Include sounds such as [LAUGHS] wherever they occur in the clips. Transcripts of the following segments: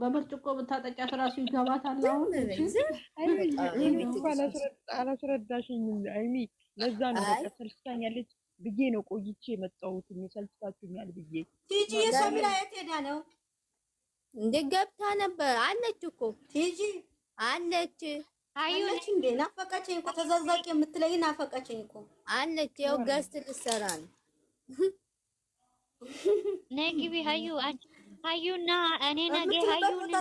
በብርጭቆ ብታጠጫት ራሱ ይገባታል። አላስረዳሽኝም አይሚ። ለዛ ነው በቃ ሰልችታኛለች ብዬ ነው ቆይቼ የመጣሁት። ሰልችታችሁኛል ብዬ ቲጂ የሰሚራ የት ሄዳ ነው እንዴ? ገብታ ነበር አለች እኮ ቲጂ አለች። አዩች እንዴ ናፈቀችኝ እኮ ተዘዛቂ የምትለይ ናፈቀችኝ እኮ አለች። ያው ገስት ልሰራ ነው። ነይ ግቢ ሀዩ አንቺ ሀዩና እኔ ነገ ሀዩንና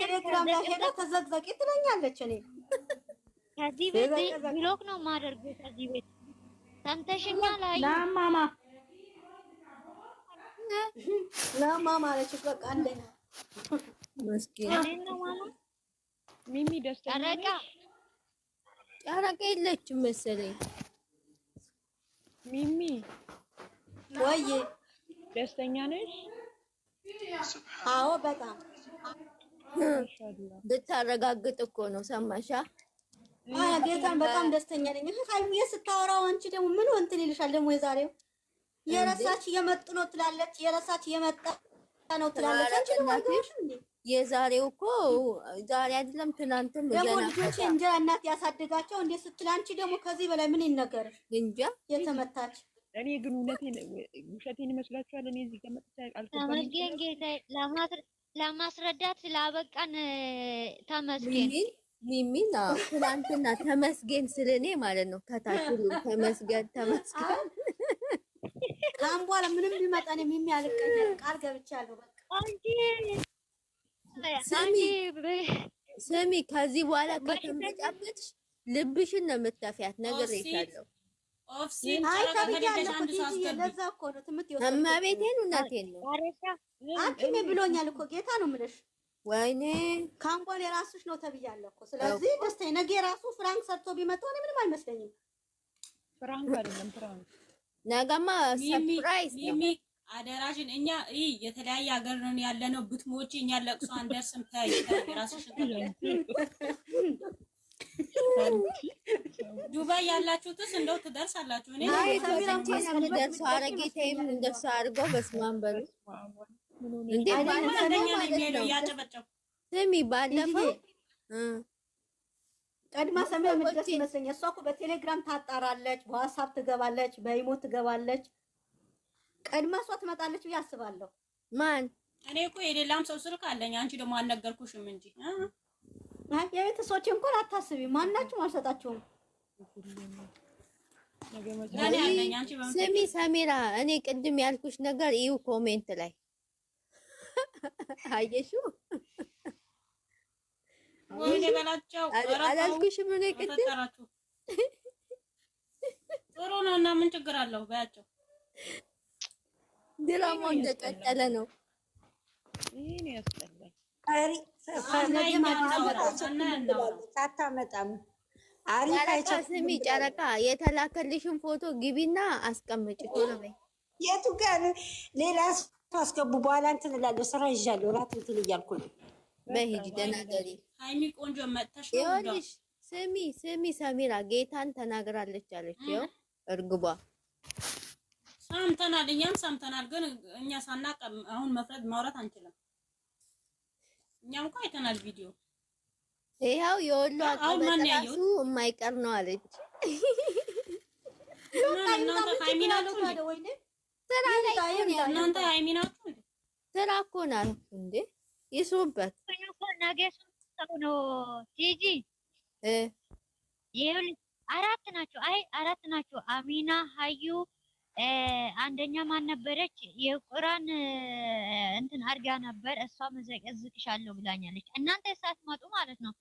ቴሌግራም ላይ ሄዳ ተዘቅዘቂ ትለኛለች። እኔ ከዚህ ቤት ብሎክ ነው የማደርገው። ከዚህ ቤት ሰምተሽኛል? ሀዩ ለማማ ለማማ አለች። በቃ አንደኛ መስኪን ሚሚ ደስተኛ ጨረቃ የለችም መሰለኝ ሚሚ ወይ ደስተኛ ነሽ? አዎ በጣም ብታረጋግጥ እኮ ነው። ሰማሻ? አያ ጌታን በጣም ደስተኛ ነኝ። ሀይሚዬ ስታወራው አንቺ ደግሞ ምን እንትን ይልሻል ደግሞ የዛሬው የረሳች የመጡ ነው ትላለች፣ የረሳች የመጣ ነው ትላለች። አንቺ ደግሞ የዛሬው እኮ ዛሬ አይደለም ትናንትም ደግሞ ልጆቼ እንጀራ እናት ያሳደጋቸው እንዴ ስትል አንቺ ደግሞ ከዚህ በላይ ምን ይነገርሽ? እንጃ የተመታች እኔ ግን እውነቴን ውሸቴን ይመስላችኋል? እኔ እዚህ ጋር መጥቼ አልተባልኩም። ለማስረዳት ላበቃን ተመስገን ሚሚን ትናንትና ተመስገን ስለኔ ማለት ነው። ከታች ተመስገን ተመስገን። ከአሁን በኋላ ምንም ቢመጣ እኔ ሚሚ አልቀየርም፣ ቃል ገብቻለሁ። በቃ ስሚ፣ ከዚህ በኋላ ከተመጫበትሽ ልብሽን ነው የምትተፊያት ነገር የታለው እመቤቴን እውነቴን ነው። አቅሜ ብሎኛል እኮ ጌታ ነው የምልሽ። ወይኔ ካምቦል የራስሽ ነው ተብያለሁ እኮ። ስለዚህ ደስታዬ ነገ የራሱ ፍራንክ ሰርቶ ቢመጣ እኔ ምንም አይመስለኝም። ፍራንክ አይደለም ፍራንክ፣ ነገማ ሰርፕራይዝ ነው። አደራሽን እኛ የተለያየ ሀገር ነን ያለነው። ብትሞጪ እኛ ለቅሶ አንደርስም። ተይ እራስሽን [LAUGHS] ዱባይ ያላችሁትስ እንደው ትደርሳላችሁ። እኔ አይ ደርሶ አረጌታይም እንደሱ አድርገው በስመ አብ በሉ። ስሚ ባለፈው ቀድማ ሰሚያ መድረስ ይመስለኛል። እሷ እኮ በቴሌግራም ታጣራለች፣ በዋትስአፕ ትገባለች፣ በኢሞ ትገባለች። ቀድማ እሷ ትመጣለች ብዬ አስባለሁ። ማን እኔ እኮ የሌላም ሰው ስልክ አለኝ። አንቺ ደግሞ አልነገርኩሽም እንጂ የቤተሰቦቼ እንኳን አታስቢ፣ ማናችሁም አልሰጣችሁም። ስሚ ሰሜራ፣ እኔ ቅድም ያልኩሽ ነገር ይሁ ኮሜንት ላይ አየሽው አላልኩሽም? እኔ ቅድም ጥሩ ነው እና ምን ችግር አለው በያቸው። ድራማው እንደቀጠለ ነው። አታመጣም። ጨረቃ ስሚ፣ ጨረቃ የተላከልሽን ፎቶ ግቢና አስቀምጪ። ቶሎ የቱ ጋር ሌላ አስገቡ። በኋላ እንትን እላለሁ። ስራ ይዣለሁ። እራት እንትን እያልኩ ነው። በሂጂ ቆንጆ መጥተሽ ይኸውልሽ። ስሚ ስሚ፣ ሰሚራ ጌታን ተናግራለች አለች። ይኸው እርግቧ ሰምተናል፣ እኛም ሰምተናል። ግን እኛ ሳናቅ አሁን መፍረድ ማውራት አንችልም። እኛ እንኳ አይተናል ቪዲዮ። ይኸው የወሎ አቀበት ራሱ የማይቀር ነው አለች። እናንተ ሃይሚ ስራ እኮ ናችሁ እንዴ? ይስሩበት ነው አራት ናቸው። አይ አራት ናቸው። አሚና ሀዩ አንደኛ ማን ነበረች? የቁራን እንትን አድርጋ ነበር። እሷ መዘቅዝቅሻለሁ ብላኛለች። እናንተ ሳትመጡ ማለት ነው።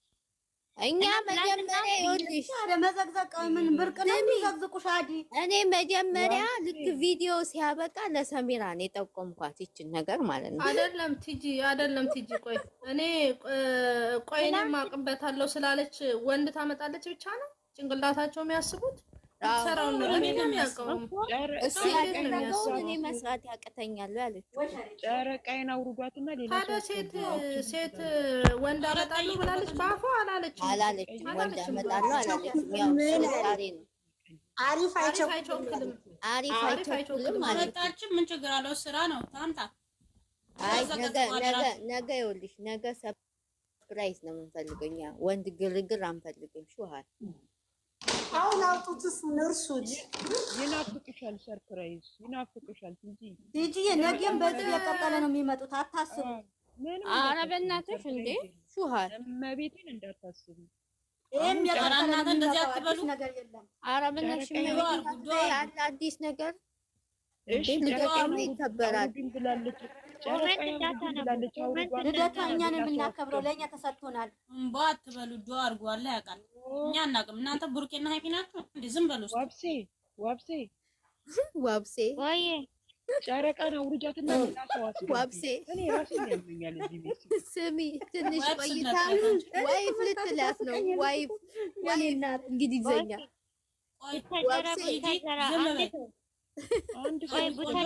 እኛ መጀመሪያ ይኸውልሽ፣ መዘቅዘቅ ምን ብርቅ ነው የሚዘቅዝቁሽ? አዲ እኔ መጀመሪያ ልክ ቪዲዮ ሲያበቃ ለሰሚራ ነው የጠቆምኳት ይችን ነገር ማለት ነው። አይደለም ቲጂ፣ አይደለም ቲጂ፣ ቆይ እኔ ቆይ እኔም አቅበታለሁ ስላለች ወንድ ታመጣለች ብቻ ነው ጭንቅላታቸው የሚያስቡት እኔ መስራት ያቅተኛል ያለችው ጨረቃዬን አውርዷትና፣ ሌላ ሴት ወንድ አመጣለሁ ብላለች። በአፏ አላለችም አላለችም። ወንድ አመጣለሁ አላለችም። አሪፍ አይቸኩልም፣ አሪፍ አይቸኩልም። አልመጣችም። ምን ችግር አለው? ስራ ነው። ታምጣ። አይ ነገ ነገ ነገ ይኸውልሽ፣ ነገ ሰፕራይዝ ነው የምንፈልገው እኛ። ወንድ ግርግር አንፈልግም። ሹሃል አሁን አውጡት፣ እሱን እርሱት። ይናፍቅሻል፣ ሰርፕራይዝ ይናፍቅሻል። እንጂ ቲጂ ነገም በዚህ የቀጠለ ነው የሚመጡት፣ አታስቡ። ኧረ በእናትሽ እንዴ ሹሃል መቤቴን እንዳታስቡ። ይሄም የቀራናት እንደዚህ አትበሉ። ኧረ በእናትሽ አዲስ ነገር እሺ፣ ይከበራል። ልደቷ እኛን የምናከብረው ለእኛ ተሰጥቶናል። እምባ አትበሉ ዶ አድርጓላ ያውቃል። እኛ አናውቅም። እናንተ ቡርኬና ሀይሚ ናቸው። ዝም በሉ ዋብሴ ዋብሴ [LAUGHS] ዋብሴ ወይ ጨረቃ ነው ውርጃትና ዋብሴ [LAUGHS] ስሚ ትንሽ ቆይታ [LAUGHS] ዋይፍ ልትላት ነው። ዋይፍ ወይና እንግዲህ ይዘኛ ቆይታ ጨረቃ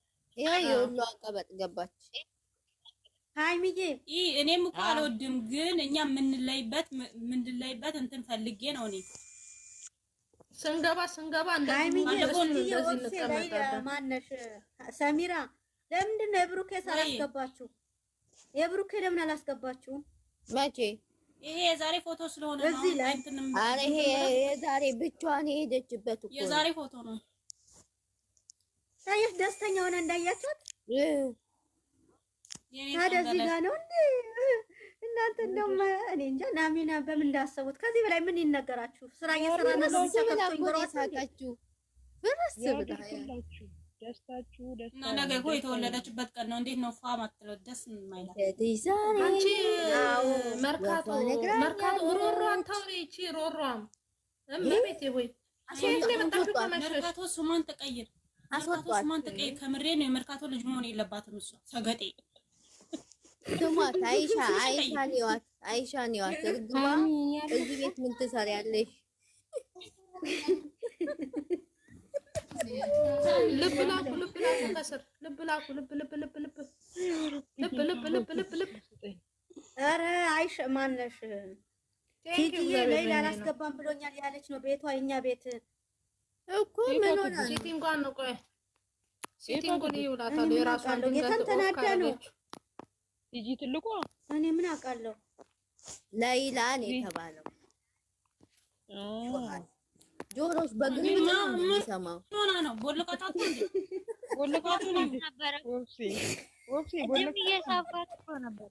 ይሄ የሁሉ አቀበጥ ገባች። ሃይሚዬ እኔም እኮ አልወድም፣ ግን እኛ የምንለይበት የምንለይበት እንትን ፈልጌ ነው እኔ ስንገባ ስንገባ ማነሽ ሰሚራ ለምንድን ነው የብሩኬ አላስገባችሁ? የብሩኬ ለምን አላስገባችሁም መቼ ይሄ የዛሬ ፎቶ ስለሆነ ነው። ይሄ የዛሬ ብቻዋን የሄደችበት የዛሬ ፎቶ ነው። ሳይፍ ደስተኛ ሆነ እንዳያችሁት። ታዲያ እዚህ ጋር ነው እንዴ እናንተ እንደውም እኔ እንጃ ናሚና በምን እንዳሰቡት ከዚህ በላይ ምን ይነገራችሁ? ስራ እየሰራ ነው ሲያቀጥሉ ደስታችሁ ደስታ ነገ እኮ የተወለደችበት ቀን ነው። እንዴት ነው ፏ ማትለው ደስ የማይላት አንቺ መርካቶ መርካቶ ሮሮ ታውሪ ይቺ ሮሯም እመቤቴ ሆይ መርካቶ ስሟን ተቀይር አስወጧት። ማን ከምሬ ነው። የመርካቶ ልጅ መሆን የለባትም እሷ ሰገጤ ስሟት። አይሻ አይሻ ነዋት አይሻ ነዋት። እርግማ እዚህ ቤት ምን ትሰሪያለሽ? ልብ ላኩ ልብ ላኩ ከስር ልብ ላኩ ልብ ልብ ልብ ልብ ልብ ልብ ልብ ልብ ልብ ኧረ አይሽ ማነሽ ቲቲ ሌላ አላስገባም ብሎኛል ያለች ነው ቤቷ የኛ ቤት እኮ ምን ነው ቆይ ይውላታል። የራሷን ነው ልጅ እኔ ምን አውቃለሁ? ላይላ የተባለው። ጆሮሽ የሚሰማው። ነው ነው ነበር ነበር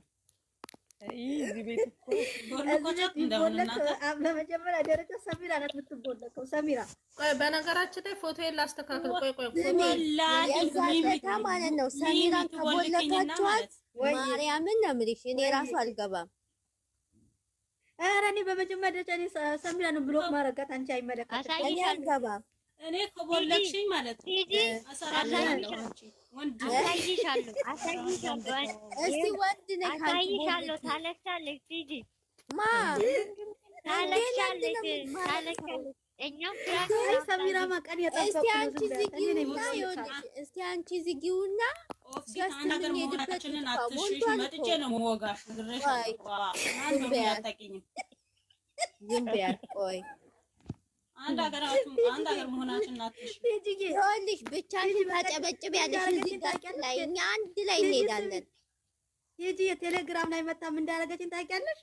ለመጀመሪያ ደረጃ ሰሚራ ናት የምትቦለቀው። ሰሚራ በነገራችን ላይ ፎቶዬን ላስተካክል። ቆይ ቆይ ማለት ነው። ሰሚራን ከቦለቃችኋት ማርያምን ነው የምልሽ። እኔ ራሱ አልገባም። ኧረ እኔ በመጀመሪያ ደረጃ ሰሚራን ብሎክ ማረጋት አንቺ አይመለከትም። እኔ አልገባም እኔ ከቦለክሽኝ ማለት ነው ወንድ አሳይሻለሁ፣ ታለቅሻለች ሂጂ ማ ታለቅሻለች፣ ታለቅሻለች። እኛም ሰሚራ ማቀን አንድ ላይ እኛ አንድ ላይ እንሄዳለን። እንዳደረገችን ታውቂያለሽ።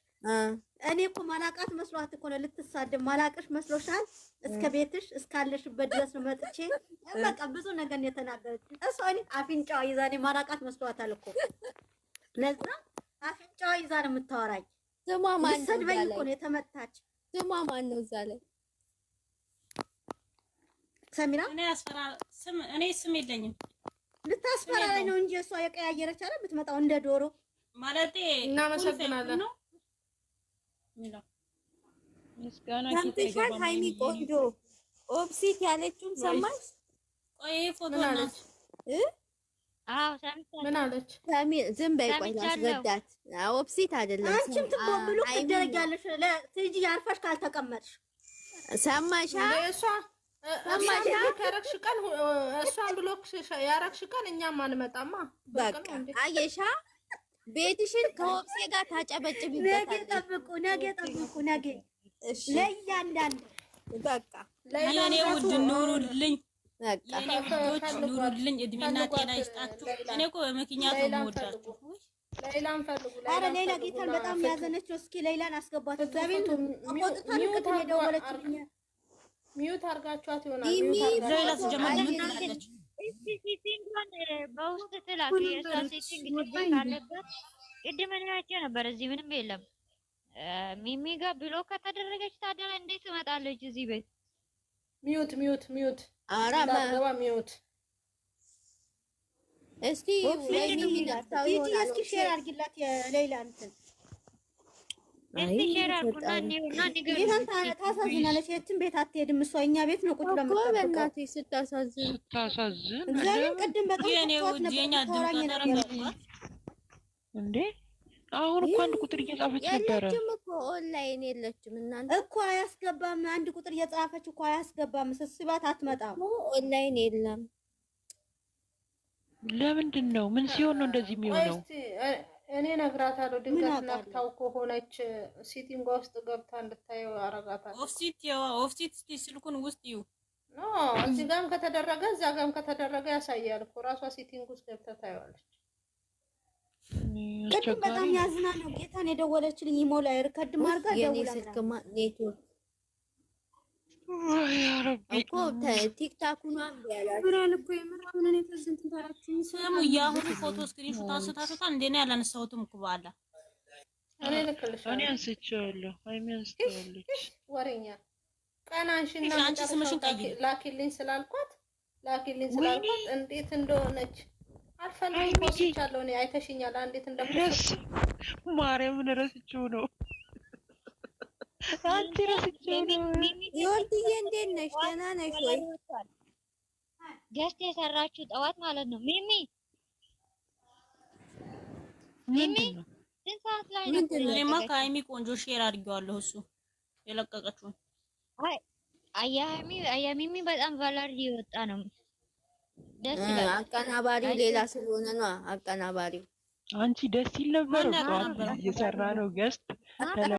እኔ እኮ ማላቃት መስሏት እኮ ነው ልትሳደብ። ማላቅሽ መስሎሻል። እስከ ቤትሽ እስካለሽበት ድረስ ነው መጥቼ በቃ ብዙ ነገር ነው የተናገረች እሷ። እኔ አፍንጫዋ ይዛ እኔ ማላቃት መስሏታል እኮ ለዛ አፍንጫዋ ይዛ ነው የምታወራኝ። ስሟ ማን ነው? ሰድበኝ እኮ ስሟ ማን ነው እዛ ላይ ሰሚራ እኔ ስም የለኝም። ልታስፈራራኝ ነው እንጂ እሷ የቀያየረች አይደል? ብትመጣው እንደ ዶሮ ማለቴ። እናመሰግናለን። ሰምተሻል? ሀይሚ ቆንጆ ኦብሲት ያለችውን ሰማሽ? ቆይ ፎቶ ናት። ዝም በይ ቆይ ላስረዳት። ኦብሲት አይደለም። አንቺም ትቦምሉ ትደረጊያለሽ። ትሄጂ አርፈሽ ካልተቀመጥሽ ሰማሻ እማዬ ቀን እሷን ብሎክ ያረግሽ ቀን እኛም አንመጣማ። በቃ አየሻ ቤትሽን ከወብሴ ጋር ታጨበጭብበታለች። ነገ ጠብቁ፣ ነገ ጠብቁ፣ ነገ ለእያንዳንዱ በቃ የኔ ውድ ኑሩልኝ፣ የኔ ውዶች ኑሩልኝ፣ እድሜና ጤና ይስጣችሁ። እኔ እኮ በምክንያቱ የምወዳችሁ ሌላን ሌላ ጌታን በጣም ያዘነችው። እስኪ ሌላን አስገባት። እግዚአብሔር ቆጥታ ልክት የደወለችልኛል ሚዩት አድርጋችኋት ይሆናል። ሌላ ስጀምር ምን ትላለች? ነበር። እዚህ ምንም የለም። ሚሚ ጋር ብሎክ ከተደረገች ታዲያ እንዴት ትመጣለች እዚህ ቤት? ሚዩት ሚዩት ሚዩት አራማ ሚዩት እስቲ ሚሚ ጋር ታውይ ሼር አድርጊላት የሌላ እንትን ታሳዝናለች። የትም ቤት አትሄድም እሷ እኛ ቤት ነው ቁጭ ለምትበናት ስታሳዝን ታሳዝን። እግዚአብሔር ቅድም በጣም እንዴ አሁን እኮ አንድ ቁጥር እየጻፈች ነበረ። የለችም እኮ ኦንላይን የለችም። እናንተ እኮ አያስገባም። አንድ ቁጥር እየጻፈች እኮ አያስገባም። ስስባት አትመጣም። ኦንላይን የለም። ለምንድን ነው ምን ሲሆን ነው እንደዚህ የሚሆነው? እኔ እነግራታለሁ። ድንገት ነክታው ከሆነች ሲቲንግ ውስጥ ገብታ እንድታየው አረጋታለሁ። ኦፍሲት ያው ኦፍሲት እስኪ ስልኩን ውስጥ ይው ኖ እዚህ ጋርም ከተደረገ እዛ ጋም ከተደረገ ያሳያል እኮ ራሷ ሲቲንግ ውስጥ ገብታ ታየዋለች። ቅድም በጣም ያዝና ነው ጌታን የደወለችልኝ። ይሞላ ይርከድም አርጋ ደውላ ኔትወርክ እኮ ቲክታኩን የአሁኑ ፎቶ ስክሪንሾት አንስታችሁታል እንዴ? ነው ያላነሳሁትም እኮ በኋላ አንቺ ስምሽን ቀይ ላኪልኝ ስላልኳት ላኪልኝ ስላልኳት እንዴት እንደሆነች አልፈልግም። ፖስቻለሁ እኔ አይተሽኛል። እንዴት እንደሆነች ማርያምን ረስቼው ነው አንቺ ረስቼው እንዴት ነሽ? ደህና ነሽ ወይ? ገስት የሰራችሁ ጠዋት ማለት ነው። ሚሚ ሚሚ ስንት ሰዓት ላይ ነው? እኔማ ከሀይሚ ቆንጆ ሼር አድርጌዋለሁ። እሱ የለቀቀችውን አያሚሚ በጣም ቫላሪ የወጣ ነው። ደስ ይላል። ሌላ ስለሆነ ነው አቀናባሪው። አንቺ ደስ ይል ነበር። እየሰራ ነው ገስት